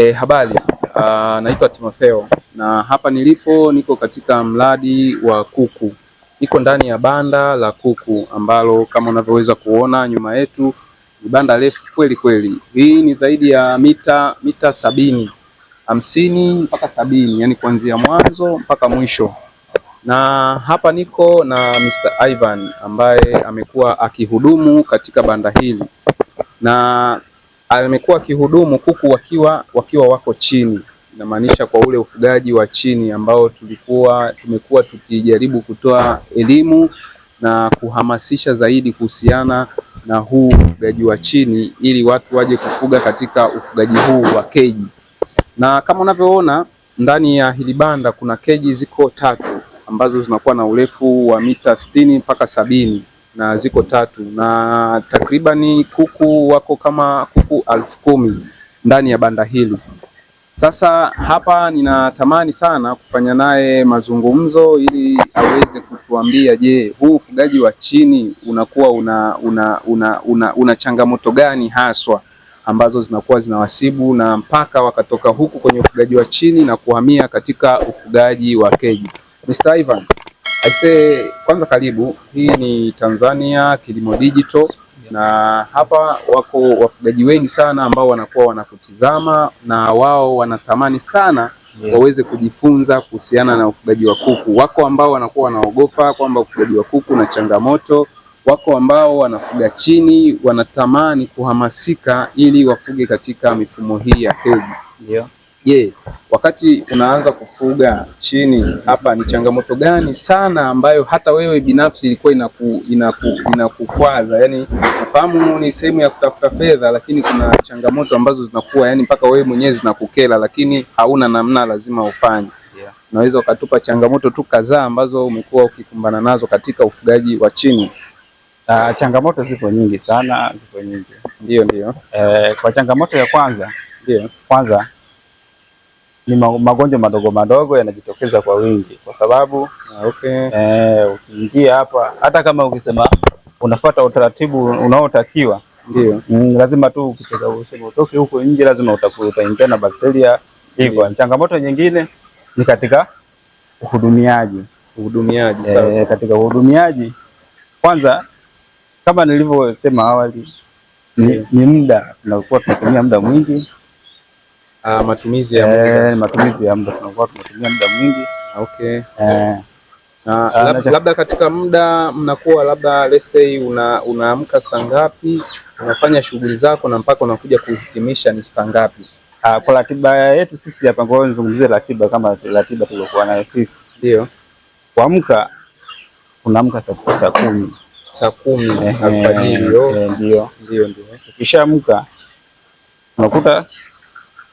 E, habari. Ah, naitwa Timotheo na hapa nilipo niko katika mradi wa kuku. Niko ndani ya banda la kuku ambalo kama unavyoweza kuona nyuma yetu ni banda refu kweli kweli. Hii ni zaidi ya mita mita sabini hamsini mpaka sabini yani kuanzia mwanzo mpaka mwisho. Na hapa niko na Mr. Ivan ambaye amekuwa akihudumu katika banda hili na amekuwa akihudumu kuku wakiwa wakiwa wako chini, inamaanisha kwa ule ufugaji wa chini ambao tulikuwa tumekuwa tukijaribu kutoa elimu na kuhamasisha zaidi kuhusiana na huu ufugaji wa chini, ili watu waje kufuga katika ufugaji huu wa keji. Na kama unavyoona ndani ya hili banda kuna keji ziko tatu ambazo zinakuwa na urefu wa mita sitini mpaka sabini na ziko tatu na takribani kuku wako kama kuku elfu kumi ndani ya banda hili. Sasa hapa ninatamani sana kufanya naye mazungumzo ili aweze kutuambia, je, huu ufugaji wa chini unakuwa una, una, una, una, una changamoto gani haswa ambazo zinakuwa zinawasibu na mpaka wakatoka huku kwenye ufugaji wa chini na kuhamia katika ufugaji wa keji. Mr. Ivan. Aise, kwanza karibu. Hii ni Tanzania Kilimo Digital na hapa wako wafugaji wengi sana ambao wanakuwa wanakutizama na wao wanatamani sana yeah, waweze kujifunza kuhusiana na ufugaji wa kuku. Wako ambao wanakuwa wanaogopa kwamba ufugaji wa kuku na changamoto, wako ambao wanafuga chini, wanatamani kuhamasika ili wafuge katika mifumo hii ya keji. Yeah. Je, wakati unaanza kufuga chini hapa ni changamoto gani sana ambayo hata wewe binafsi ilikuwa inaku, inaku, inakukwaza? Yaani nafahamu ni sehemu ya kutafuta fedha, lakini kuna changamoto ambazo zinakuwa yani mpaka wewe mwenyewe zinakukela, lakini hauna namna, lazima ufanye yeah. Unaweza ukatupa changamoto tu kadhaa ambazo umekuwa ukikumbana nazo katika ufugaji wa chini? Uh, changamoto zipo nyingi sana, zipo nyingi. Ndio, ndio. Eh, kwa changamoto ya kwanza ndio kwanza ni magonjwa madogo madogo yanajitokeza kwa wingi kwa sababu ah, okay. Eh, ukiingia hapa hata kama ukisema unafuata utaratibu unaotakiwa ndio, mm, lazima tu utoke huko nje, lazima utaingia na bakteria hivyo. Changamoto nyingine ni katika uhudumiaji uhudumiaji. Eh, sawa. katika uhudumiaji, kwanza kama nilivyosema awali, ni, ni muda tunakuwa tunatumia muda mwingi Ah, matumizi ya eh, muda. matumizi ya muda tunakuwa tunatumia muda mwingi. Ah, okay. Eh. Na ah, lab, labda katika muda mnakuwa labda let's say una unaamka saa ngapi, unafanya shughuli zako na mpaka unakuja kuhitimisha ni saa ngapi? Ah, kwa ratiba yetu sisi hapa, kwa nizungumzie ratiba kama ratiba tuliokuwa nayo sisi. Ndio. Kuamka unaamka saa kumi saa kumi eh, alfajiri. Eh, oh. Ndio. Ndio, ndio. Ukishaamka unakuta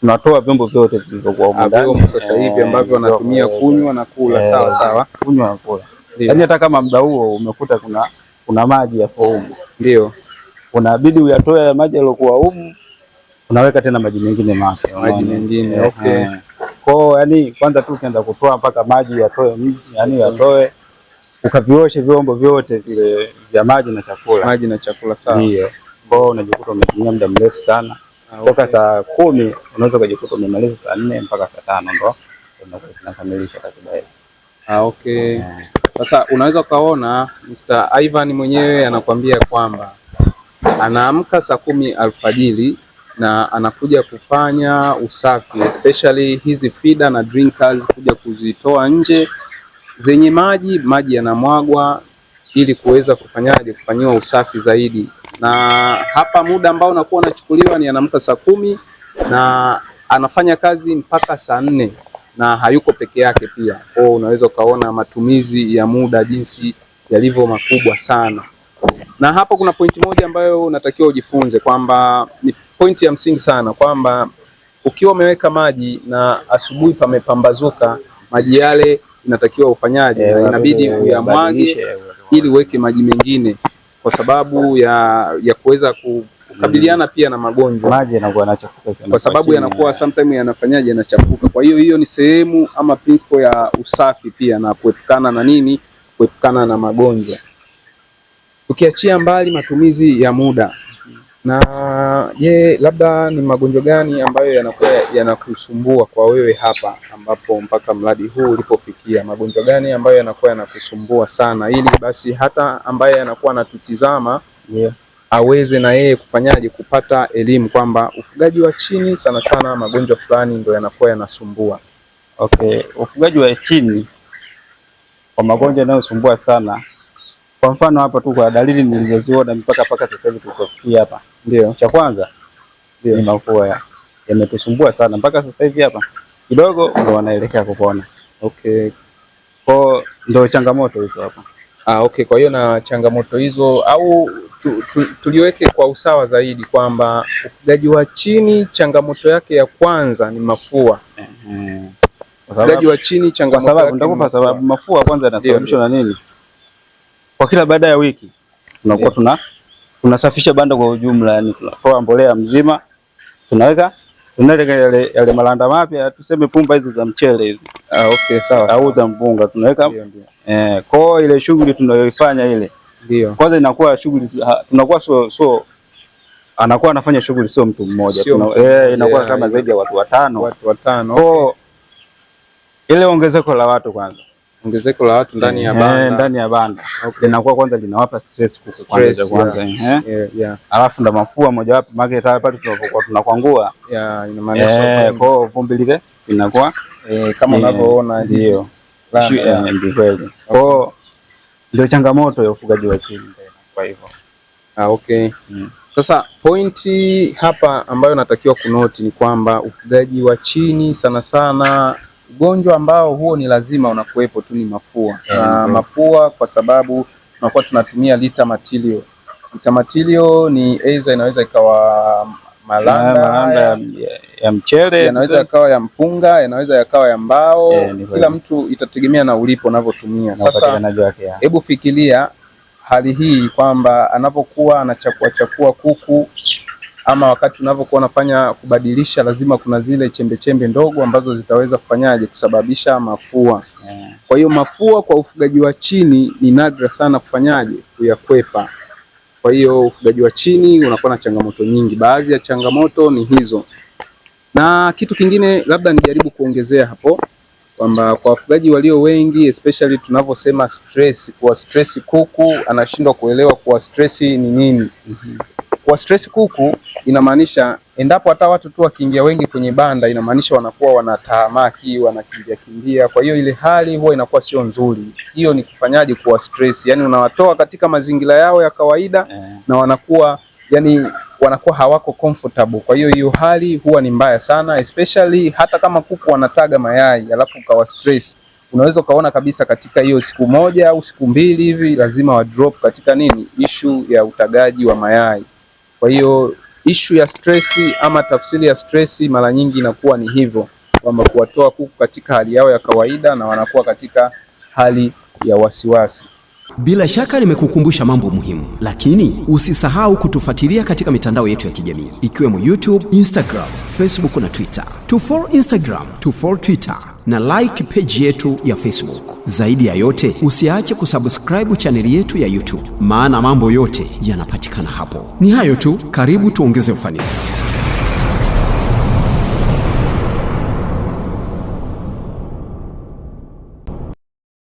tunatoa vyombo vyote vilivyokuwa huko ndani sasa hivi ambavyo eh, wanatumia kunywa na kula. Eh, sawa eh, sawa, kunywa na kula, yaani hata kama muda huo umekuta kuna kuna maji yako humu, ndio unabidi uyatoe ya maji yaliokuwa humu, unaweka tena maji mengine mapya, maji mengine okay. Kwa yani kwanza tu ukianza kutoa mpaka maji yatoe, yani yatoe, ukavioshe vyombo vyote vile vya maji na chakula, maji na chakula. Sawa, ndio. Kwa unajikuta umetumia muda mrefu sana Ah, toka saa kumi unaweza ukajikuta umemaliza saa nne mpaka saa tano ndo tunakamilisha ratiba yetu. Ah, okay. Sasa unaweza ukaona Mr. Ivan mwenyewe anakuambia kwamba anaamka saa kumi alfajiri na anakuja kufanya usafi especially hizi feeder na drinkers kuja kuzitoa nje zenye maji, maji yanamwagwa ili kuweza kufanyaje, kufanyiwa usafi zaidi na hapa muda ambao nakuwa unachukuliwa ni anamka saa kumi na anafanya kazi mpaka saa nne na hayuko peke yake pia. Kwa unaweza ukaona matumizi ya muda jinsi yalivyo makubwa sana. Na hapo kuna pointi moja ambayo unatakiwa ujifunze kwamba ni pointi ya msingi sana kwamba ukiwa umeweka maji na asubuhi pamepambazuka, maji yale inatakiwa ufanyaje? Eh, Inabidi uyamwage ili uweke maji mengine kwa sababu ya, ya kuweza kukabiliana mm. pia na magonjwa. Maji yanakuwa yanachafuka sana, kwa sababu yanakuwa sometimes yanafanyaje, yanachafuka. Kwa hiyo hiyo ni sehemu ama principle ya usafi pia na kuepukana na nini, kuepukana na magonjwa, tukiachia mbali matumizi ya muda na je, labda ni magonjwa gani ambayo yanakuwa yanakusumbua kwa wewe hapa ambapo mpaka mradi huu ulipofikia? Magonjwa gani ambayo yanakuwa yanakusumbua sana, ili basi hata ambaye anakuwa anatutizama yeah, aweze na yeye kufanyaje kupata elimu kwamba ufugaji wa chini sana sana magonjwa fulani ndio yanakuwa yanasumbua. Okay, ufugaji wa chini kwa magonjwa yanayosumbua sana kwa mfano hapa tu kwa dalili nilizoziona mpaka mpaka sasa hivi tulipofikia hapa, ndio cha kwanza ndio mafua yametusumbua sana mpaka sasa hivi hapa kidogo ndo wanaelekea kupona. Okay. Kwa ndo changamoto hizo hapa. Ah, okay. Kwa hiyo na changamoto hizo au tu, tu, tuliweke kwa usawa zaidi kwamba ufugaji wa chini changamoto yake ya kwanza ni mafua. Ufugaji wa chini changamoto yake kwa sababu mafua kwanza yanasababishwa na nini? kwa kila baada ya wiki tunakuwa tuna tunasafisha banda kwa ujumla, yani tunatoa mbolea mzima, tunaweka tunaweka yale, yale malanda mapya, tuseme pumba hizi za mchele hizi. Ah, okay, sawa au za mpunga tunaweka eh, kwa ile shughuli tunayoifanya ile ndio kwanza inakuwa shughuli, tunakuwa so, so anakuwa anafanya shughuli sio mtu mmoja tuna, eh, inakuwa yeah, kama zaidi ya watu watano, watu watano. Kwa ile ongezeko la watu kwanza ongezeko la watu ndani ya banda, ndani ya banda linakuwa kwanza linawapa stress kuku kwanza kwanza, eh, yeah. Alafu ndo mafua moja wapo market hapa pale tunapokuwa tunakwangua, yeah, ina maana kwa vumbi lile linakuwa eh, kama eh, unavyoona ndio eh, kweli. Kwa ndio changamoto ya ufugaji wa chini, kwa hivyo ah, okay mm. Sasa pointi hapa ambayo natakiwa kunoti ni kwamba ufugaji wa chini sana sana Ugonjwa ambao huo ni lazima unakuwepo tu ni mafua na mafua kwa sababu tunakuwa tunatumia lita matilio. Lita matilio ni aidha inaweza ikawa malanda, yeah, malanda ya, ya, ya mchele, yanaweza yakawa ya mpunga, yanaweza yakawa ya mbao yeah, kila mtu itategemea na ulipo unavyotumia. Sasa hebu fikiria hali hii kwamba anapokuwa anachakua chakua kuku ama wakati unavyokuwa unafanya kubadilisha, lazima kuna zile chembechembe chembe ndogo ambazo zitaweza kufanyaje kusababisha mafua yeah. Kwa hiyo mafua kwa ufugaji wa chini ni nadra sana kufanyaje kuyakwepa. Kwa hiyo ufugaji wa chini unakuwa na changamoto nyingi, baadhi ya changamoto ni hizo, na kitu kingine labda nijaribu kuongezea hapo kwamba kwa wafugaji walio wengi especially tunavyosema stress, kwa stress kuku anashindwa kuelewa kwa stress ni nini. mm -hmm. Kwa stress kuku inamaanisha endapo hata watu tu wakiingia wengi kwenye banda, inamaanisha wanakuwa wanatahamaki, wanakimbia kimbia. Kwa hiyo ile hali huwa inakuwa sio nzuri. Hiyo ni kufanyaje? Kuwa stress, yani unawatoa katika mazingira yao ya kawaida yeah. na wanakuwa yani wanakuwa hawako comfortable. Kwa hiyo hiyo hali huwa ni mbaya sana, especially hata kama kuku wanataga mayai alafu ukawa stress, unaweza ukaona kabisa katika hiyo siku moja au siku mbili hivi lazima wa drop katika nini, issue ya utagaji wa mayai. Kwa hiyo Ishu ya stressi ama tafsiri ya stressi mara nyingi inakuwa ni hivyo kwamba kuwatoa kuku katika hali yao ya kawaida na wanakuwa katika hali ya wasiwasi. Bila shaka nimekukumbusha mambo muhimu, lakini usisahau kutufuatilia katika mitandao yetu ya kijamii ikiwemo YouTube, Instagram, Facebook na Twitter. To follow Instagram, to follow Twitter na like page yetu ya Facebook. Zaidi ya yote, usiache kusubscribe chaneli yetu ya YouTube, maana mambo yote yanapatikana hapo. Ni hayo tu, karibu tuongeze ufanisi.